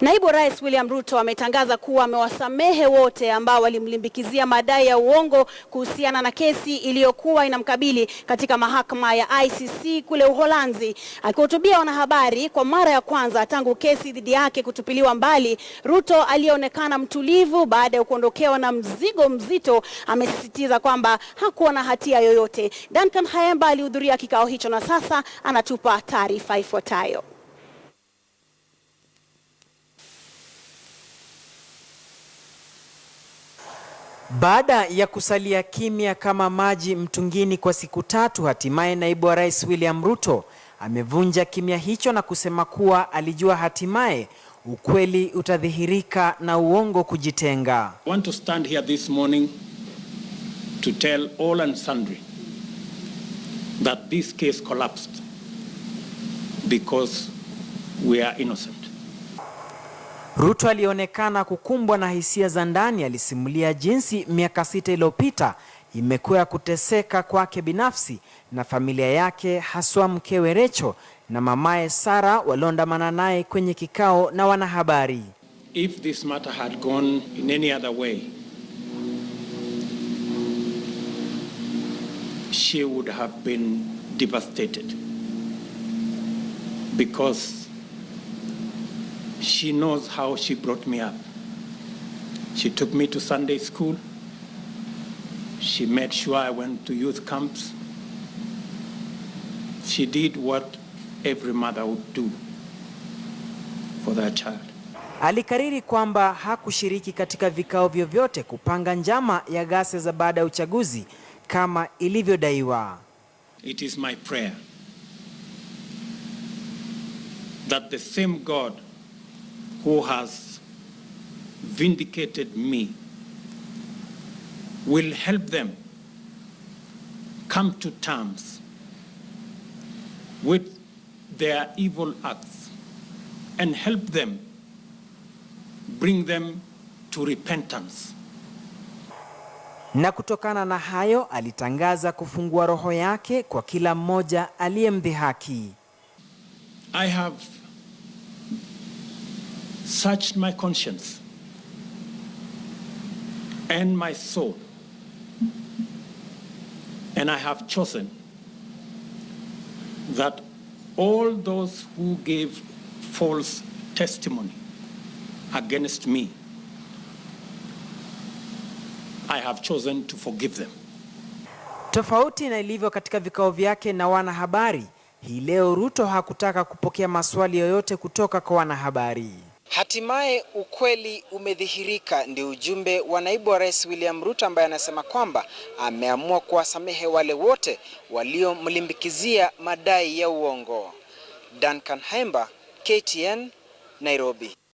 Naibu Rais William Ruto ametangaza kuwa amewasamehe wote ambao walimlimbikizia madai ya uongo kuhusiana na kesi iliyokuwa inamkabili katika mahakama ya ICC kule Uholanzi. Akihutubia wanahabari kwa mara ya kwanza tangu kesi dhidi yake kutupiliwa mbali, Ruto aliyeonekana mtulivu baada ya kuondokewa na mzigo mzito, amesisitiza kwamba hakuwa na hatia yoyote. Duncan Hayemba alihudhuria kikao hicho na sasa anatupa taarifa ifuatayo. Baada ya kusalia kimya kama maji mtungini kwa siku tatu, hatimaye naibu wa rais William Ruto amevunja kimya hicho na kusema kuwa alijua hatimaye ukweli utadhihirika na uongo kujitenga. I want to stand here this morning to tell all and sundry that this case collapsed because we are innocent. Ruto alionekana kukumbwa na hisia za ndani. Alisimulia jinsi miaka sita iliyopita imekuwa ya kuteseka kwake binafsi na familia yake, haswa mkewe Recho na mamaye Sara walioandamana naye kwenye kikao na wanahabari. If this matter had gone in any other way, she would have been devastated because she knows how she brought me up. She took me to Sunday school. She made sure I went to youth camps. She did what every mother would do for their child. Alikariri kwamba hakushiriki katika vikao vyovyote kupanga njama ya ghasia za baada ya uchaguzi kama ilivyodaiwa. It is my prayer that the same God who has vindicated me will help them come to terms with their evil acts and help them bring them to repentance. Na kutokana na hayo alitangaza kufungua roho yake kwa kila mmoja aliyemdhihaki. I have searched my conscience and my soul, and I have chosen that all those who gave false testimony against me, I have chosen to forgive them. Tofauti na ilivyo katika vikao vyake na wanahabari, hii leo Ruto hakutaka kupokea maswali yoyote kutoka kwa wanahabari. Hatimaye ukweli umedhihirika, ndio ujumbe wa naibu wa rais William Ruto ambaye anasema kwamba ameamua kuwasamehe wale wote waliomlimbikizia madai ya uongo. Duncan Hemba, KTN, Nairobi.